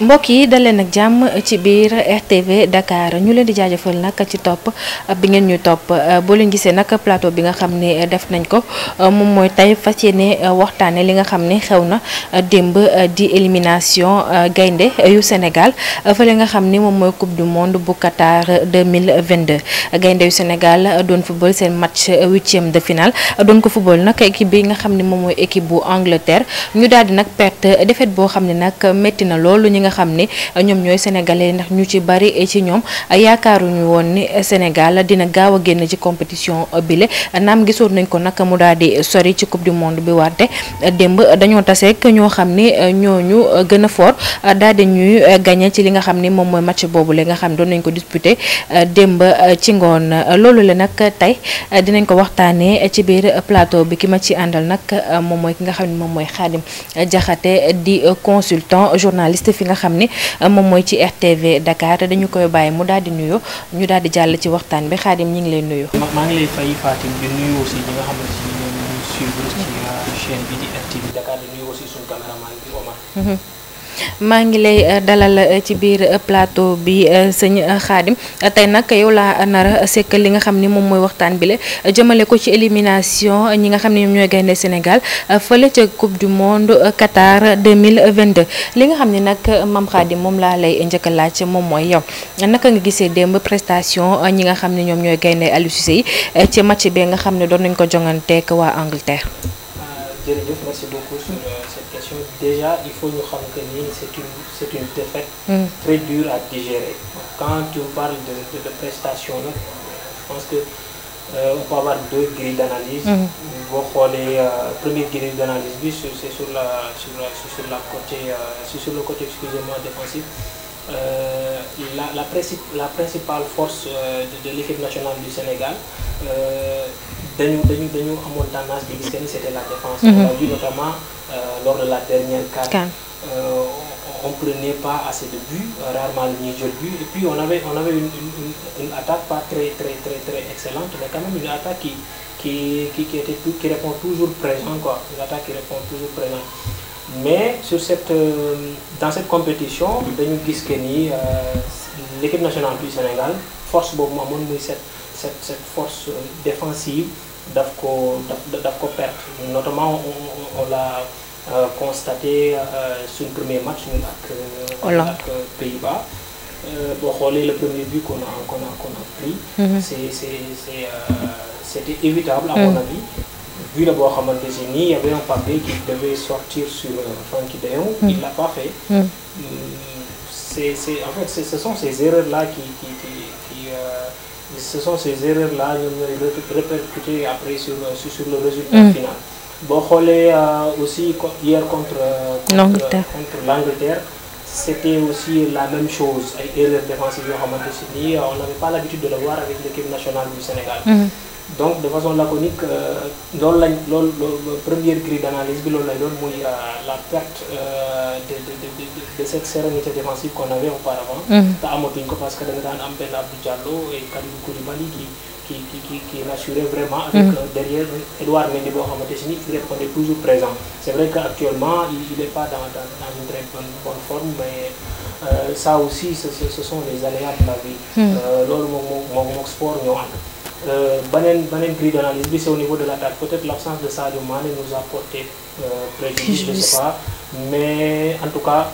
mbokk yi dalee nag jàmm ci biir RTV Dakar ñu leen di jaajëfal nag ci topp bi ngeen ñu topp boo leen gisee nag plateau bi nga xam ne def nañ ko moom mooy tey fas yéene waxtaane li nga xam ne xew na démb di élimination gaynde yu Sénégal fële nga xam ni moom mooy coupe du monde bu Qatar 2022 gaynde yu Sénégal doon football seen match huitième de finale doon ko football nag équipe bi nga xam ni moom mooy équipe bu Angleterre ñu daal di nag perte défaite boo xam ne nag métti na nga xam ne ñoom ñooy sénégalais ndax ñu ci bari ci ñoom ñu woon ni Sénégal dina gaaw a génn ci compétition bile naam gisoon nañ ko nag mu daal di sori ci coupe du monde bi wante démb dañoo taseek ñoo xam ni ñooñu gën a fort daal di ñuy gagné ci li nga xam ni moom mooy match boobu la nga xam doon nañ ko disputé démb ci ngoon loolu la nag tey dinañ ko waxtaanee ci biir plateau bi ki ma ci àndal nag moom mooy ki nga xam ne moom mooy Khadim Diakhaté xam ni euh, moom mooy ci RTV Dakar dañu koy bàyyi mu daal di nuyu ñu daal di jàll ci waxtaan bi Xaadim ñu ngi lay nuyu. maa ngi lay fay Fatim di nuyu aussi ñi nga xam ne si ñoom ñuy suivre ci euh, chaîne bi di RTV Dakar di nuyu aussi suñu caméraman bi Omar. Mm-hmm. maa ngi lay eh, dalal eh, ci biir eh, plateau bi sëñ Xaadim tey nag yow laa nara sekk li nga xam ni moom mooy waxtaan bi la jëmale ko ci élimination ñi nga xam ne ñoom ñooy gaynde Sénégal fële ca coupe du monde Qatar 2022 li nga xam ni nag Mame Xaadim moom laa lay njëkk a laaj moom mooy yow naka nga gisee démb prestation ñi nga xam ne ñoom ñooy gaynde Aliou Cissé yi ci match bi nga xam ne doon nañ ko jonganteek waa Angleterre. merci beaucoup sur euh, cette question déjà il faut nous reconnaître que c'est une défaite mm. très dure à digérer quand on parle de prestations, je pense que euh, on peut avoir deux grilles d'analyse va mm. euh, première grille d'analyse c'est sur la la côté sur le côté excusez-moi défensif la la, principale force de l'équipe nationale du Sénégal nous avons dañu tendance que c'était la défense. Mhm. on a vu notamment euh, lors de la dernière carte, euh, on ne prenait pas assez de buts euh, rarement ni de de but et puis on avait on avait une une attaque pas très très très très excellente mais quand même une attaque qui qui qui était répond toujours présent quoi une qui répond toujours présent. mais sur cette dans cette compétition Denis l'équipe nationale du Sénégal force beaucoup, cette cette cette force défensive d'Afco notamment on, l'a euh, constaté euh, sur le premier match avec euh, Pays-Bas pour rouler le premier but qu'on a a pris mhm. c'était évitable à mhm. mon avis vu la à xamante il y avait un papier qui devait sortir sur Frenkie de Jong mhm. il l'a pas fait mm, c'est en fait ce sont ces erreurs là qui qui ce sont ces erreurs-là qui se répercuter après sur le résultat mm. final. on euh, aussi hier euh, contre. l'Angleterre contre c'était aussi la même chose Erreur défensive de Sidi, euh, on n'avait pas l'habitude de le voir avec l'équipe nationale du Sénégal. Mm donc de façon laconique euh, le premier loolu première grille d'analyse euh, la perte euh, de de de de cette sérénité défensive qu'on avait auparavant. Mm-hmm. te amatuñ parce que dans un daan am Abdou Diallo et Kalidou Koulibaly qui qui qui qui rassurait vraiment. avec mm-hmm. derrière Edouard Mendebo boo il répondait toujours présent. c'est vrai qu'actuellement, il n'est pas dans dans une très bonne forme mais. ça aussi ce ce sont les aléas de la vie. Mm-hmm. loolu sport euh, prix beneen d'analyse c'est au niveau de l'attaque peut-être l'absence de Sadio Mane nous a porté euh, préjudice je sais pas mais en tout cas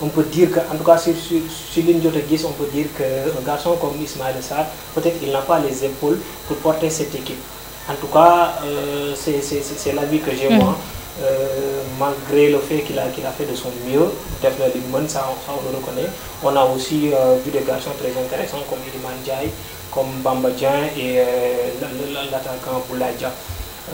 on peut dire que en tout cas sur sur on peut dire que un garçon comme Ismail Sad peut-être qu'il n'a pas les épaules pour porter cette équipe en tout cas euh, c'est l'avis que j'ai moi mm. malgré le fait qu'il a qu'il a fait de son mieux peut-être le ça on le reconnaît on a aussi vu des garçons très intéressants comme Iliman comme Bamba la et euh, l'attaquant Boulaye Dia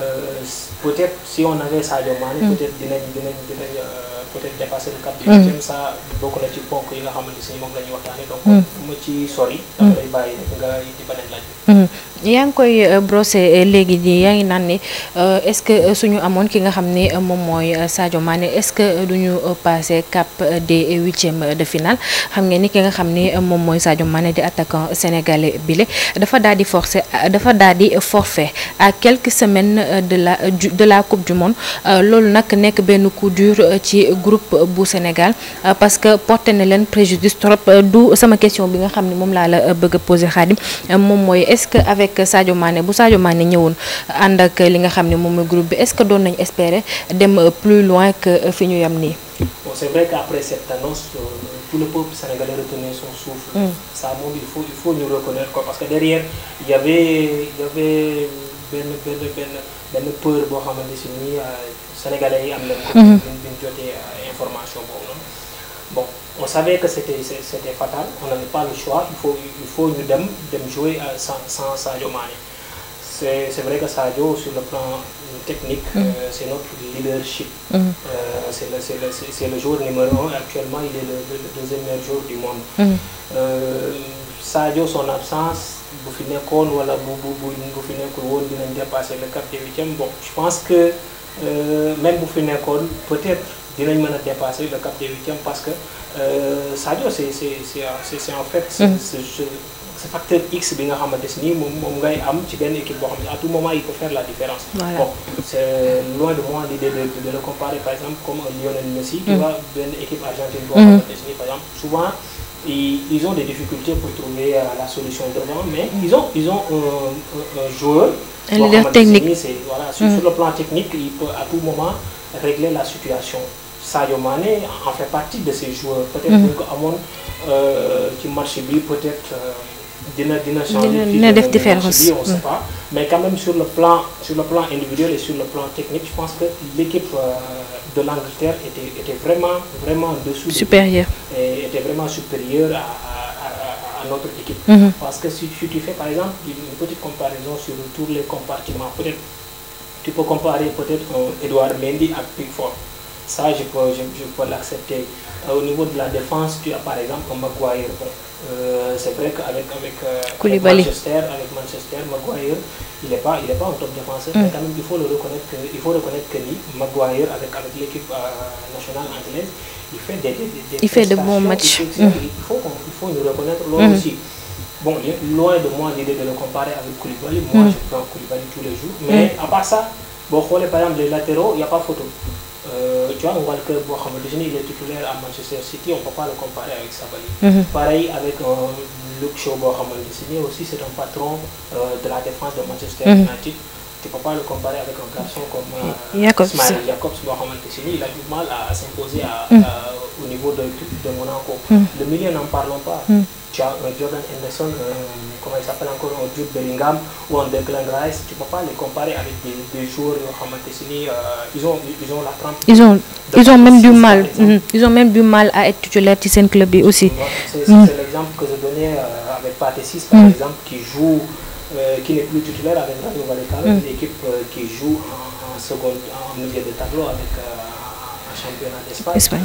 euh, peut-être si on avait Sadio Mané mm. peut-être dinañ dina dinañ euh, peut-être dépasser le cap du mm. huitième ça bokk na ci ponk yi nga xamante si moom la ñuy waxtaane donc ma mm. ci sori dafa lay bàyyi nga di beneen laaj Euh, euh, yaa ngi koy brosser léegi est-ce que euh, suñu amone ki nga xamné mom moy Sadio Mané est-ce que duñu passer cap des huitièmes de finale xam nga ni ki nga xamné mom moy Sadio Mané di attaquant sénégalais bile dafa daal di forcer dafa daal forfait à quelques semaines de la de la coupe du monde lool nak nek ben coup dur ci groupe bu Sénégal parce que porter né len préjudice trop du sama question bi nga xamné mom la la bëgg poser Khadim mom moy est-ce que avec ak Sadio Mané bu Sadio Mané ñëwoon and ak li nga xam ne moom groupe bi est-ce que doon nañ espérer dem plus loin que fi ñu yam ni bon c'est vrai qu'après cette annonce euh, tout le peuple sénégalais retenait son souffle. Mm. ça moom il faut il faut nous reconnaître quoi parce que derrière il y avait il y avait ben benn benn benn peur boo xamante ni euh, sénégalais yi am nañ ko. buñ mm-hmm. euh, information boobu noonu on savait que c'était fatal, on n'avait pas le choix, il faut, il faut nous dem, dem jouer euh, sans, sans Sadio Mane. C'est vrai que Sadio, sur le plan euh, technique, mm-hmm. euh, c'est notre leadership. Mm-hmm. c'est le, jour le, numéro un, actuellement il est le, deuxième meilleur joueur du monde. Mm-hmm. Sadio, son absence, bu fi ou wala bu bu le cap des bon je pense que même bu peut-être ne me a dépasser le cap des huitièmes parce que euh, Sadio c'est c'est en fait. Mm-hmm. ce facteur X bi nga xamante équipe à tout moment il peut faire la différence. c'est loin de moi l'idée de le comparer par exemple comme Lionel Messi. tu mm-hmm. va une équipe argentine de mm-hmm. xamante par exemple souvent. ils ont des difficultés pour trouver euh, la solution devant, mais ils ont, ils ont un, joueur. technique. Voilà, sur, le plan technique, il peut à tout moment régler la situation. Sadio Mané en fait partie de ces joueurs. peut-être mhm. que ñu ko qui peut-être euh, dina dina changer. on ne sait mhm. pas. mais quand même sur le plan sur le plan individuel et sur le plan technique je pense que l'équipe euh, de l'Angleterre était vraiment vraiment dessous. supérieure et était vraiment supérieure à notre équipe. Mhm. parce que si tu fais par exemple une petite comparaison sur tous les compartiments peut-être tu peux comparer peut-être euh, Edouard Mendy à Pickford. Ça, je peux, je, l'accepter. Euh, au niveau de la défense, tu as par exemple comme Maguire. Euh, c'est vrai qu'avec euh, Manchester, avec Manchester, Maguire, il n'est pas, pas un top défenseur. Mais mm. quand même, il faut reconnaître que, faut reconnaître lui, Maguire, avec, l'équipe nationale anglaise, il fait des, il fait de bons matchs. Il faut, mm. il faut reconnaître mm. aussi. Bon, loin de moi l'idée de le comparer avec Koulibaly. Moi, je prends Koulibaly tous les jours. Mais à part ça, bon, par exemple les latéraux, il n'y a pas photo. Euh, tu vois, on voit que Mohamed il est titulaire à Manchester City, on ne peut pas le comparer avec Sabali. Mhm. Pareil avec euh, Luke Shaw Mohamed Designé aussi c'est un patron euh, de la défense de Manchester mhm. United. Tu ne peux pas le comparer avec un garçon comme Jacobs. Ismail Jacobs Mohamed il a du mal à s'imposer mhm. au niveau de, de Monaco. Le milieu, n'en parlons pas. Jordan Henderson, euh, comment il s'appelle encore, ou euh, Jude Bellingham ou un Declan Rice, tu ne peux pas les comparer avec des, des joueurs euh, euh ils, ont, ils ont la trempe. Ils ont, ils ont même du mal. Mhm. Ils ont même du mal à être titulaire de club aussi. Mhm. C'est l'exemple que je donnais avec Patessis, par mhm. exemple, qui joue, qui n'est plus titulaire avec Radio Vallecano, une équipe qui joue en, en, seconde, en milieu de tableau avec un championnat d'Espagne.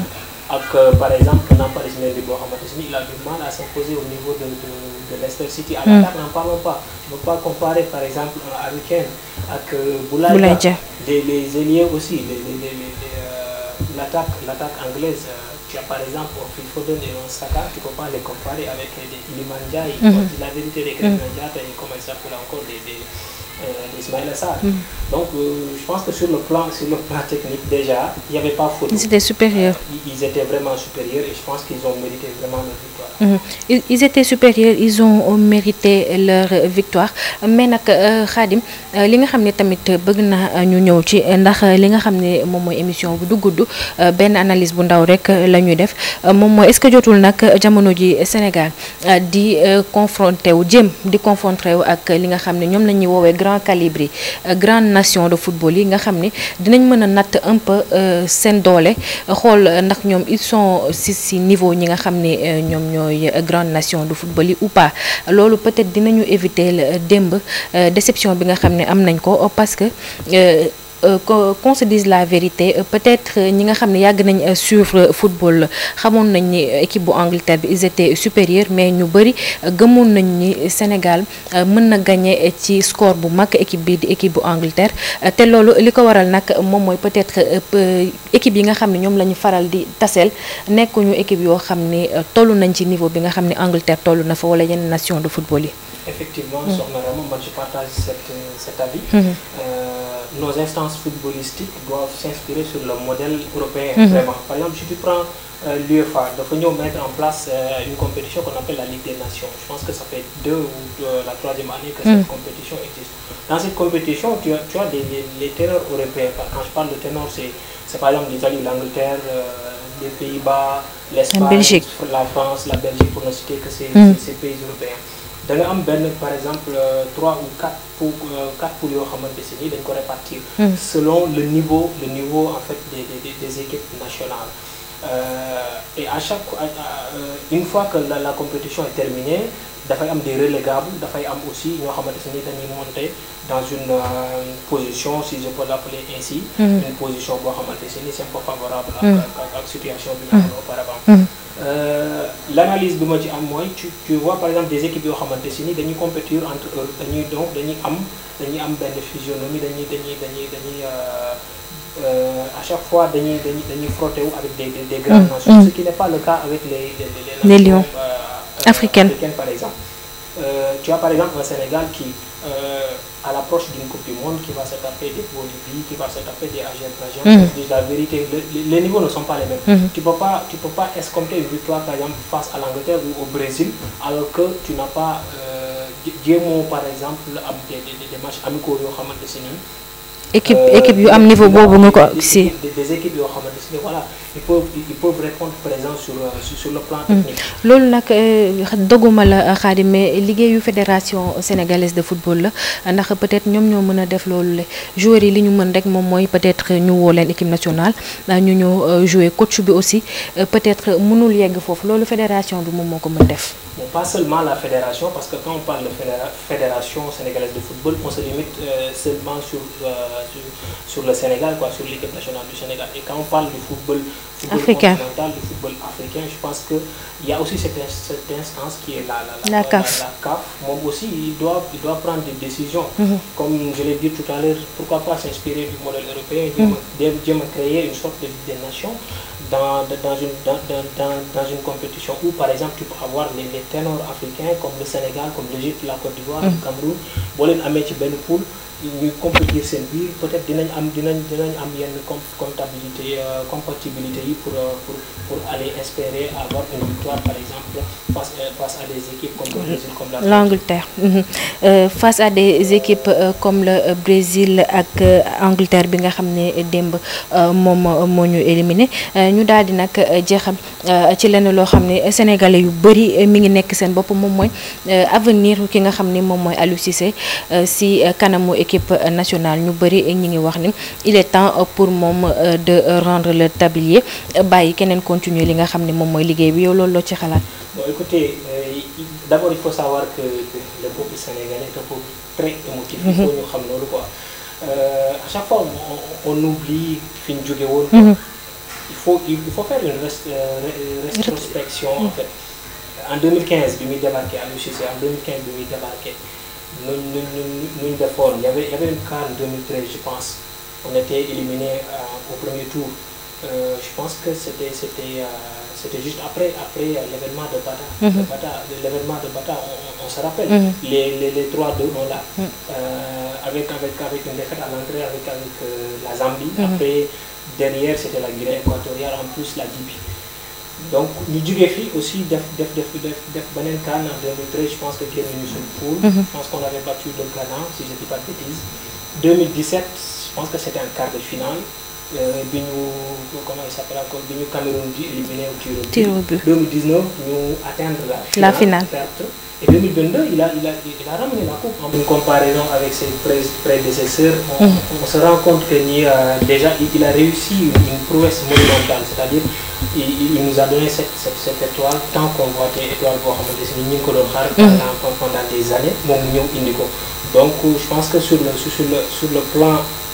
Euh, par exemple Nampalys Paris de xamante ni il a du mal à s'imposer au niveau de de de Leicester City. à l'attaque mm. n'en parlons pas ne pas comparer par exemple un Harry avec euh, Boulaye les les aussi euh, l'attaque anglaise. tu as par exemple Phil Foden et un Saka, tu peux pas les comparer avec les Iliman mm-hmm. La vérité des et ils comme à pour encore, des euh, Ismaël Assar. Mm. Donc, euh, je pense que sur le, plan, sur le plan technique, déjà, il n'y avait pas faute. Ils étaient supérieurs. Euh, ils, ils, étaient vraiment supérieurs et je pense qu'ils ont mérité vraiment leur victoire. Mm. Ils, ils, étaient supérieurs, ils ont mérité leur victoire. Mais, nak, euh, Khadim, li nga xamné tamit bëgg na ñu ñëw ci ndax li nga xamné mom moy émission bu duguddu ben analyse bu ndaw rek lañuy def mom moy est-ce que jotul nak jamono ji Sénégal di confronter wu jëm di confronter wu ak li nga xamné ñom lañuy wowe grand euh, grande nation de football un peu euh, de ils sont si niveau euh, grande nation de football ou pas Alors peut-être dinañu éviter démb déception parce que euh, qu'on se dise la vérité euh, peut-être euh, ñi nga xam yag nañ suivre football xamone nañ ni équipe bu Angleterre bi ils étaient supérieurs mais ñu bari. gëmoon nañ ni Sénégal mëna gagner gagné ci score bu mak équipe bi di équipe bu Angleterre té lolu liko waral nak mom moy peut-être équipe yi nga xam ñom lañu faral di taseel nekkuñu équipe yo xam ne nañ ci niveau bi nga xam Angleterre Tolu, na fa wala yenn nation de football effectivement mm. soxna Rama man je partage cet cet avis. Mm-hmm nos instances footballistiques doivent s'inspirer sur le modèle européen, mhm. vraiment. Par exemple, si tu prends euh, l'UEFA, il faut mettre en place euh, une compétition qu'on appelle la Ligue des Nations. Je pense que ça fait deux ou la troisième année que cette mhm. compétition existe. Dans cette compétition, tu as, des, les, européens. Quand je parle de ténors, c'est par exemple l'Italie l'Angleterre, euh, les Pays-Bas, l'Espagne, la, France, la Belgique, pour ne citer que ces mhm. pays européens. Il y am par exemple euh, trois ou quatre pour euh, quatre pour les xamante si hmm. selon le niveau le niveau en fait des des, des équipes nationales euh, et à chaque une fois que la, compétition est terminée y a des relégables y a aussi ñoo xamante qui nii monter dans une, position si je peux l'appeler ainsi hmm. une position pour xamante c'est un peu favorable à hmm. la situation auparavant euh, l'analyse de moi ci am tu vois par exemple des équipes de ramadé dañuy entre eux donc dañuy am dañuy am physionomie euh, euh, à chaque fois dañuy avec des des mm, mm. ce qui n'est pas le cas avec les lions africaines par exemple tu as par exemple un Sénégal qui à l'approche d'une Coupe du Monde qui va se taper des Bolivie, qui va se taper des Argentins. Mm La vérité, les niveaux ne sont pas les mêmes. Mhm. Tu ne peux, pas, peux pas escompter une victoire, par exemple, face à l'Angleterre ou au Brésil, alors que tu n'as pas. Euh, mots par exemple, des, des, des matchs amicaux, équipe équipe yu am niveau bobu nga ci des équipes yo xamante ne voilà ils peuvent ils peuvent répondre présent euh, sur sur le plan hmm. technique. lolu nak euh, doguma la Khadim mais liggéeyu fédération sénégalaise de football la ndax peut-être ñom ñoo mëna def lolu le joueurs yi li ñu mën rek mom moy peut-être ñu wo len équipe nationale euh, ñu ñëw jouer coach bi aussi peut-être mënul yegg fofu lolu fédération bi mom moko mëne def. pas seulement la fédération parce que quand on parle de fédération sénégalaise de football on se limite seulement sur. Euh, sur, le Sénégal, quoi, sur l'équipe nationale du Sénégal. Et quand on parle du football, africain. africain, je pense qu'il y a aussi cette, cette, instance qui est la, la, la CAF. Moi aussi, il doit, prendre des décisions. Mhm. Comme je l'ai dit tout à l'heure, pourquoi pas s'inspirer du modèle européen, mm -hmm. une sorte de, de nation dans, dans, une, dans, dans, dans, une compétition où, par exemple, tu peux avoir les, ténors africains comme le Sénégal, comme l'Égypte, la Côte d'Ivoire, le mhm. Cameroun, Bolin Amé, Ben ñuy compétir seen biir peut-être dinañ am dinañ dinañ am yenn comptabilité euh, compatibilité yi pour euh, pour pour aller espérer avoir une victoire par exemple face euh, face à des équipes comme le Brésil comme l'Angleterre mhm. face à des équipes comme le Brésil ak Angleterre bi nga xamné demb démb moom moo ñu éliminé ñu daldi nak nag ci lén lo xamné sénégalais yu bari mi ngi nekk seen bopp moom mooy avenir ki nga xamné mom moy mooy Cissé si kanamu équipe nationale ñu bëri ñi ngi wax ni il est temps pour moi euh, de rendre le tablier bàyyi keneen continuer li nga xam ne moom mooy liggéey bi yow loolu ci bon écoutez euh, d'abord il faut savoir que le peuple sénégalais est un peuple très émotif. il faut mhm. ñu xam loolu quoi euh, à chaque fois on oublie fin du jóge mhm. il faut il faut faire une rétrospection en fait en 2015 bi muy débarqué à l'UCC en 2015 bi muy débarqué nous, nous, nous, nous il, y avait, un y, avait, une 2013, je pense. On était éliminé euh, au premier tour. Euh, je pense que c'était euh, c'était juste après, après l'événement de Bata. Mhm. l'événement de Bata, on, se rappelle, mhm. les, les, les, trois deux on l'a. Mhm. avec, avec, avec une défaite à l'entrée avec, avec la Zambie. Après, derrière, c'était la Guinée équatoriale, en plus la Libye donc nous jugee aussi def def en 2013 je pense que venu sur le pool mhm. je pense qu'on avait battu le Ghana si je ne dis pas de bêtises. 2017 je pense que c'était un quart de finale euh, comment il s'appelle encore 2019 nous atteindre la. la finale Et 2022, il a, il, a, ramené la coupe. En comparaison avec ses prédécesseurs, mhm. on, se rend compte qu'il a euh, déjà il a réussi une prouesse monumentale, c'est-à-dire il, nous a donné cette, cette, étoile tant qu'on voit des étoiles pour des pendant pendant des années donc je pense que sur le sur le sur le plan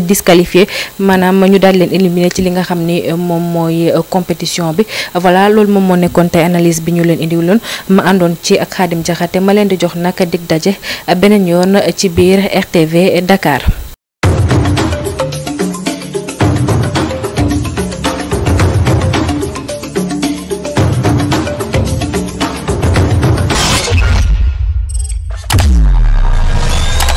disqualifié maanaam ñu daal leen éliminé ci li nga xam ni euh, moom mooy euh, compétition bi voilà loolu moom moo nekkoon tey analyse bi ñu leen indiwuloon ma àndoon ci ak Xaadim Jaxate ma leen di jox naka dig daje euh, beneen yoon ci biir RTV Dakar